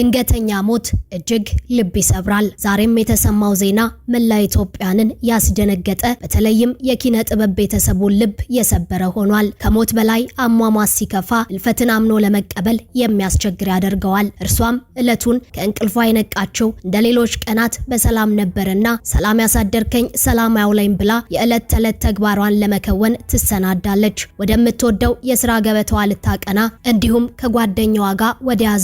ድንገተኛ ሞት እጅግ ልብ ይሰብራል። ዛሬም የተሰማው ዜና መላ ኢትዮጵያንን ያስደነገጠ በተለይም የኪነ ጥበብ ቤተሰቡን ልብ የሰበረ ሆኗል። ከሞት በላይ አሟሟት ሲከፋ እልፈትን አምኖ ለመቀበል የሚያስቸግር ያደርገዋል። እርሷም እለቱን ከእንቅልፏ የነቃችው እንደ ሌሎች ቀናት በሰላም ነበርና ሰላም ያሳደርከኝ ሰላም ያውለኝ ብላ የዕለት ተዕለት ተግባሯን ለመከወን ትሰናዳለች። ወደምትወደው የስራ ገበታዋ ልታቀና እንዲሁም ከጓደኛዋ ጋር ወደያዘችው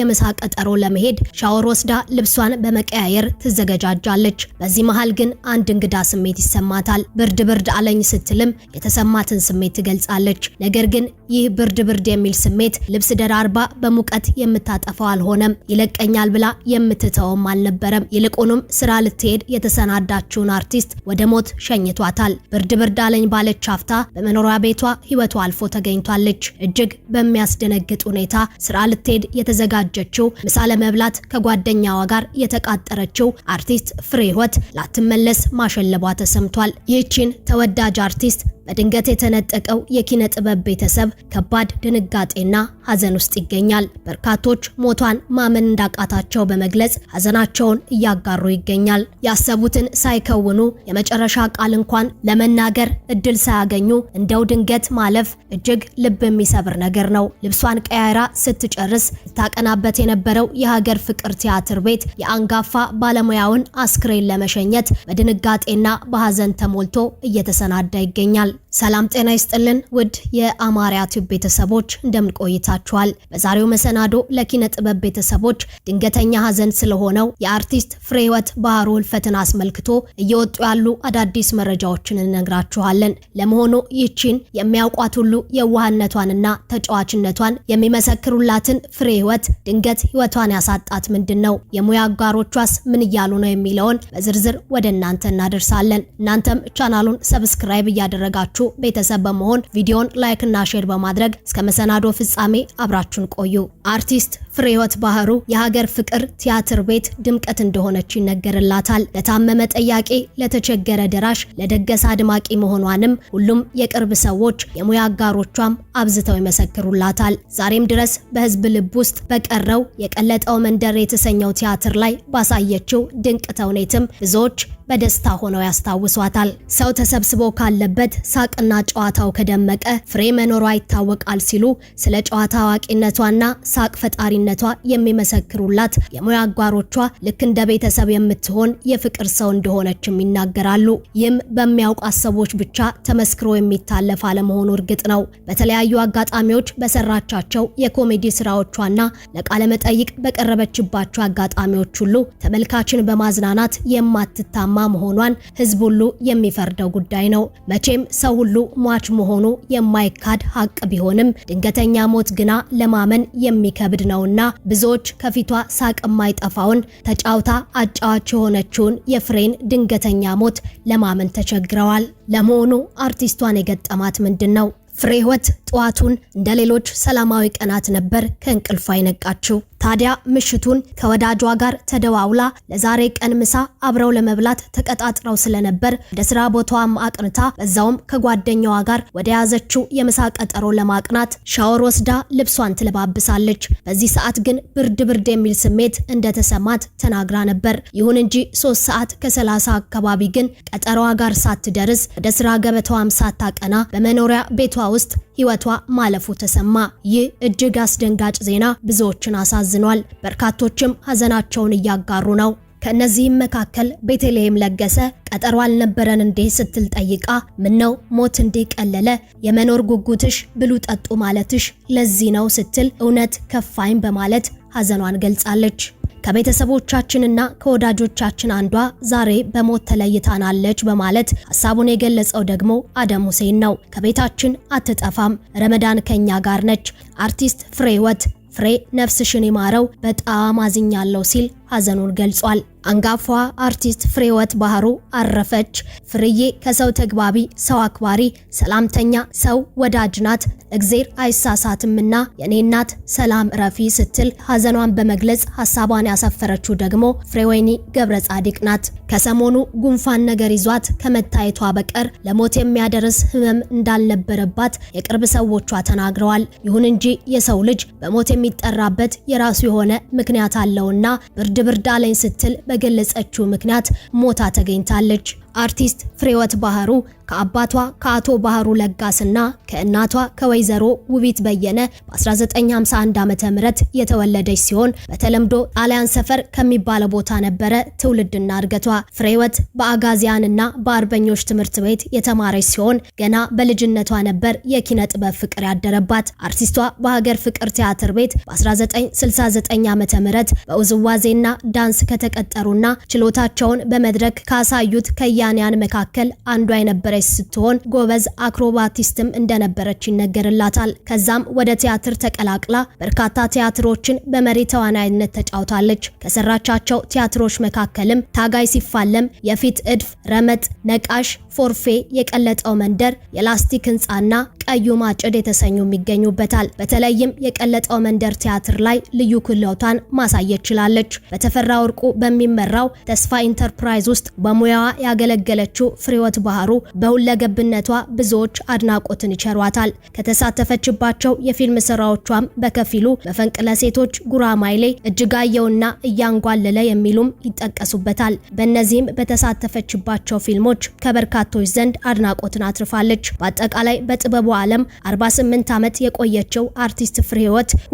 ያዘችው ቀጠሮ ለመሄድ ሻወር ወስዳ ልብሷን በመቀያየር ትዘገጃጃለች። በዚህ መሃል ግን አንድ እንግዳ ስሜት ይሰማታል። ብርድ ብርድ አለኝ ስትልም የተሰማትን ስሜት ትገልጻለች። ነገር ግን ይህ ብርድ ብርድ የሚል ስሜት ልብስ ደራርባ በሙቀት የምታጠፋው አልሆነም። ይለቀኛል ብላ የምትተውም አልነበረም። ይልቁንም ስራ ልትሄድ የተሰናዳችውን አርቲስት ወደ ሞት ሸኝቷታል። ብርድ ብርድ አለኝ ባለች አፍታ በመኖሪያ ቤቷ ህይወቷ አልፎ ተገኝቷለች። እጅግ በሚያስደነግጥ ሁኔታ ስራ ልትሄድ የተዘጋጀችው ምሳ ለመብላት ከጓደኛዋ ጋር የተቃጠረችው አርቲስት ፍሬህይወት ላትመለስ ማሸለቧ ተሰምቷል። ይህችን ተወዳጅ አርቲስት በድንገት የተነጠቀው የኪነ ጥበብ ቤተሰብ ከባድ ድንጋጤና ሀዘን ውስጥ ይገኛል። በርካቶች ሞቷን ማመን እንዳቃታቸው በመግለጽ ሀዘናቸውን እያጋሩ ይገኛል። ያሰቡትን ሳይከውኑ የመጨረሻ ቃል እንኳን ለመናገር እድል ሳያገኙ እንደው ድንገት ማለፍ እጅግ ልብ የሚሰብር ነገር ነው። ልብሷን ቀያይራ ስትጨርስ ታቀናበት የነበረው የሀገር ፍቅር ቲያትር ቤት የአንጋፋ ባለሙያውን አስክሬን ለመሸኘት በድንጋጤና በሀዘን ተሞልቶ እየተሰናዳ ይገኛል። ሰላም ጤና ይስጥልን ውድ የአማርያ ቲዩብ ቤተሰቦች እንደምን ቆይታችኋል? በዛሬው መሰናዶ ለኪነ ጥበብ ቤተሰቦች ድንገተኛ ሀዘን ስለሆነው የአርቲስት ፍሬ ህይወት ባህሩ ህልፈትን አስመልክቶ እየወጡ ያሉ አዳዲስ መረጃዎችን እነግራችኋለን። ለመሆኑ ይቺን የሚያውቋት ሁሉ የዋህነቷንና ተጫዋችነቷን የሚመሰክሩላትን ፍሬ ህይወት ድንገት ህይወቷን ያሳጣት ምንድን ነው? የሙያ አጋሮቿስ ምን እያሉ ነው የሚለውን በዝርዝር ወደ እናንተ እናደርሳለን። እናንተም ቻናሉን ሰብስክራይብ እያደረጋችሁ ያላችሁ ቤተሰብ በመሆን ቪዲዮን ላይክና ሼር በማድረግ እስከ መሰናዶ ፍጻሜ አብራችሁን ቆዩ። አርቲስት ፍሬህይወት ባህሩ የሀገር ፍቅር ቲያትር ቤት ድምቀት እንደሆነች ይነገርላታል። ለታመመ ጠያቂ፣ ለተቸገረ ደራሽ፣ ለደገሰ አድማቂ መሆኗንም ሁሉም የቅርብ ሰዎች የሙያ አጋሮቿም አብዝተው ይመሰክሩላታል። ዛሬም ድረስ በህዝብ ልብ ውስጥ በቀረው የቀለጠው መንደር የተሰኘው ቲያትር ላይ ባሳየችው ድንቅ ተውኔትም ብዙዎች በደስታ ሆነው ያስታውሷታል። ሰው ተሰብስቦ ካለበት ሳቅና ጨዋታው ከደመቀ ፍሬ መኖሯ ይታወቃል ሲሉ ስለ ጨዋታ አዋቂነቷና ሳቅ ፈጣሪ ። ማንነቷ የሚመሰክሩላት የሙያ አጋሮቿ ልክ እንደ ቤተሰብ የምትሆን የፍቅር ሰው እንደሆነችም ይናገራሉ። ይህም በሚያውቋት ሰዎች ብቻ ተመስክሮ የሚታለፍ አለመሆኑ እርግጥ ነው። በተለያዩ አጋጣሚዎች በሰራቻቸው የኮሜዲ ስራዎቿና ለቃለመጠይቅ በቀረበችባቸው አጋጣሚዎች ሁሉ ተመልካችን በማዝናናት የማትታማ መሆኗን ህዝብ ሁሉ የሚፈርደው ጉዳይ ነው። መቼም ሰው ሁሉ ሟች መሆኑ የማይካድ ሀቅ ቢሆንም ድንገተኛ ሞት ግና ለማመን የሚከብድ ነውና የሆነውና ብዙዎች ከፊቷ ሳቅ የማይጠፋውን ተጫውታ አጫዋች የሆነችውን የፍሬን ድንገተኛ ሞት ለማመን ተቸግረዋል። ለመሆኑ አርቲስቷን የገጠማት ምንድን ነው? ህይወት ጠዋቱን እንደ ሌሎች ሰላማዊ ቀናት ነበር ከእንቅልፏ አይነቃችው። ታዲያ ምሽቱን ከወዳጇ ጋር ተደዋውላ ለዛሬ ቀን ምሳ አብረው ለመብላት ተቀጣጥረው ስለነበር ወደ ስራ ቦታዋም አቅንታ በዛውም ከጓደኛዋ ጋር ወደ ያዘችው የምሳ ቀጠሮ ለማቅናት ሻወር ወስዳ ልብሷን ትለባብሳለች። በዚህ ሰዓት ግን ብርድ ብርድ የሚል ስሜት እንደተሰማት ተናግራ ነበር። ይሁን እንጂ ሶስት ሰዓት ከሰላሳ አካባቢ ግን ቀጠሯዋ ጋር ሳትደርስ ወደ ስራ ገበታዋም ሳታቀና በመኖሪያ ቤቷ ውስጥ ህይወቷ ማለፉ ተሰማ። ይህ እጅግ አስደንጋጭ ዜና ብዙዎችን አሳዝኗል። በርካቶችም ሀዘናቸውን እያጋሩ ነው። ከእነዚህም መካከል ቤተልሔም ለገሰ ቀጠሮ አልነበረን እንዴ ስትል ጠይቃ፣ ምነው ሞት እንዲህ ቀለለ? የመኖር ጉጉትሽ ብሉ ጠጡ ማለትሽ ለዚህ ነው ስትል እውነት ከፋኝ በማለት ሀዘኗን ገልጻለች። ከቤተሰቦቻችንና ከወዳጆቻችን አንዷ ዛሬ በሞት ተለይታናለች በማለት ሀሳቡን የገለጸው ደግሞ አደም ሁሴን ነው። ከቤታችን አትጠፋም፣ ረመዳን ከኛ ጋር ነች። አርቲስት ፍሬ ህይወት ፍሬ ነፍስሽን ይማረው፣ በጣም አዝኛለሁ ሲል ሐዘኑን ገልጿል። አንጋፏ አርቲስት ፍሬወት ባህሩ አረፈች። ፍርዬ ከሰው ተግባቢ፣ ሰው አክባሪ፣ ሰላምተኛ፣ ሰው ወዳጅ ናት። እግዜር አይሳሳትምና የኔ እናት ሰላም እረፊ ስትል ሐዘኗን በመግለጽ ሀሳቧን ያሰፈረችው ደግሞ ፍሬወይኒ ገብረ ጻዲቅ ናት። ከሰሞኑ ጉንፋን ነገር ይዟት ከመታየቷ በቀር ለሞት የሚያደርስ ህመም እንዳልነበረባት የቅርብ ሰዎቿ ተናግረዋል። ይሁን እንጂ የሰው ልጅ በሞት የሚጠራበት የራሱ የሆነ ምክንያት አለውና ብርድ ብርድ ስትል በገለጸችው ምክንያት ሞታ ተገኝታለች። አርቲስት ፍሬወት ባህሩ ከአባቷ ከአቶ ባህሩ ለጋስና ከእናቷ ከወይዘሮ ውቢት በየነ በ1951 ም የተወለደች ሲሆን በተለምዶ ጣሊያን ሰፈር ከሚባለው ቦታ ነበረ ትውልድና እድገቷ። ፍሬወት በአጋዚያንና በአርበኞች ትምህርት ቤት የተማረች ሲሆን ገና በልጅነቷ ነበር የኪነ ጥበብ ፍቅር ያደረባት። አርቲስቷ በሀገር ፍቅር ቲያትር ቤት በ1969 ም በውዝዋዜና ዳንስ ከተቀጠሩና ችሎታቸውን በመድረክ ካሳዩት ከያ ከያንያን መካከል አንዷ የነበረች ስትሆን ጎበዝ አክሮባቲስትም እንደነበረች ይነገርላታል። ከዛም ወደ ቲያትር ተቀላቅላ በርካታ ቲያትሮችን በመሪ ተዋናይነት ተጫውታለች። ከሰራቻቸው ቲያትሮች መካከልም ታጋይ ሲፋለም፣ የፊት እድፍ፣ ረመጥ፣ ነቃሽ ፎርፌ፣ የቀለጠው መንደር፣ የላስቲክ ህንፃና ቀዩ ማጭድ የተሰኙም ይገኙበታል። በተለይም የቀለጠው መንደር ቲያትር ላይ ልዩ ክህሎቷን ማሳየት ችላለች። በተፈራ ወርቁ በሚመራው ተስፋ ኢንተርፕራይዝ ውስጥ በሙያዋ ያገለገለችው ፍሬወት ባህሩ በሁለገብነቷ ብዙዎች አድናቆትን ይቸሯታል። ከተሳተፈችባቸው የፊልም ስራዎቿም በከፊሉ መፈንቅለ ሴቶች፣ ጉራማይሌ፣ እጅጋየውና እያንጓለለ የሚሉም ይጠቀሱበታል። በእነዚህም በተሳተፈችባቸው ፊልሞች ከበርካታ በበርካቶች ዘንድ አድናቆትን አትርፋለች። በአጠቃላይ በጥበቡ ዓለም 48 ዓመት የቆየችው አርቲስት ፍሬ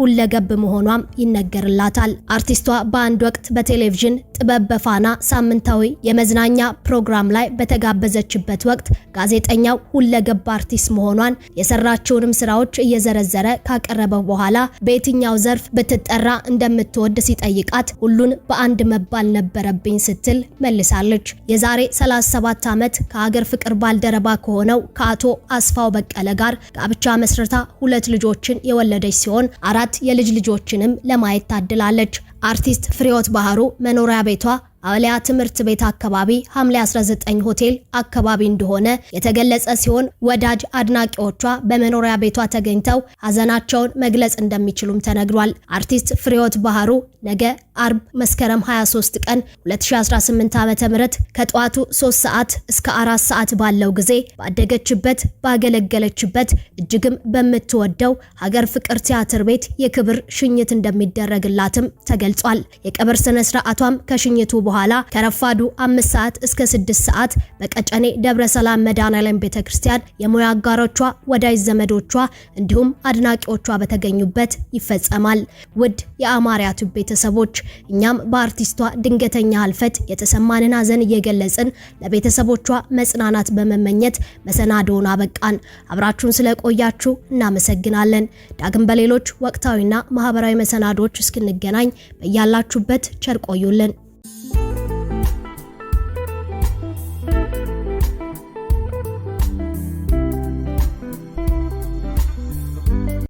ሁለገብ መሆኗም ይነገርላታል። አርቲስቷ በአንድ ወቅት በቴሌቪዥን ጥበብ በፋና ሳምንታዊ የመዝናኛ ፕሮግራም ላይ በተጋበዘችበት ወቅት ጋዜጠኛው ሁለገብ አርቲስት መሆኗን የሰራችውንም ስራዎች እየዘረዘረ ካቀረበ በኋላ በየትኛው ዘርፍ ብትጠራ እንደምትወድ ሲጠይቃት ሁሉን በአንድ መባል ነበረብኝ ስትል መልሳለች። የዛሬ 37 ዓመት ከሀገር የሀገር ፍቅር ባልደረባ ከሆነው ከአቶ አስፋው በቀለ ጋር ጋብቻ መስርታ ሁለት ልጆችን የወለደች ሲሆን አራት የልጅ ልጆችንም ለማየት ታድላለች። አርቲስት ፍሬወት ባህሩ መኖሪያ ቤቷ አውሊያ ትምህርት ቤት አካባቢ ሐምሌ 19 ሆቴል አካባቢ እንደሆነ የተገለጸ ሲሆን ወዳጅ አድናቂዎቿ በመኖሪያ ቤቷ ተገኝተው ሀዘናቸውን መግለጽ እንደሚችሉም ተነግሯል። አርቲስት ፍሬወት ባህሩ ነገ አርብ መስከረም 23 ቀን 2018 ዓ.ም ከጠዋቱ 3 ሰዓት እስከ 4 ሰዓት ባለው ጊዜ ባደገችበት ባገለገለችበት እጅግም በምትወደው ሀገር ፍቅር ቲያትር ቤት የክብር ሽኝት እንደሚደረግላትም ተገልጿል። የቀብር ስነ ስርዓቷም ከሽኝቱ በኋላ ከረፋዱ 5 ሰዓት እስከ 6 ሰዓት በቀጨኔ ደብረ ሰላም መድኃኔዓለም ቤተክርስቲያን የሙያ አጋሮቿ፣ ወዳጅ ዘመዶቿ እንዲሁም አድናቂዎቿ በተገኙበት ይፈጸማል። ውድ የአማርያ ቲዩብ ቤተሰቦች እኛም በአርቲስቷ ድንገተኛ ህልፈት የተሰማንን ሀዘን እየገለጽን ለቤተሰቦቿ መጽናናት በመመኘት መሰናዶውን አበቃን። አብራችሁን ስለቆያችሁ እናመሰግናለን። ዳግም በሌሎች ወቅታዊና ማህበራዊ መሰናዶዎች እስክንገናኝ በያላችሁበት ቸር ቆዩልን።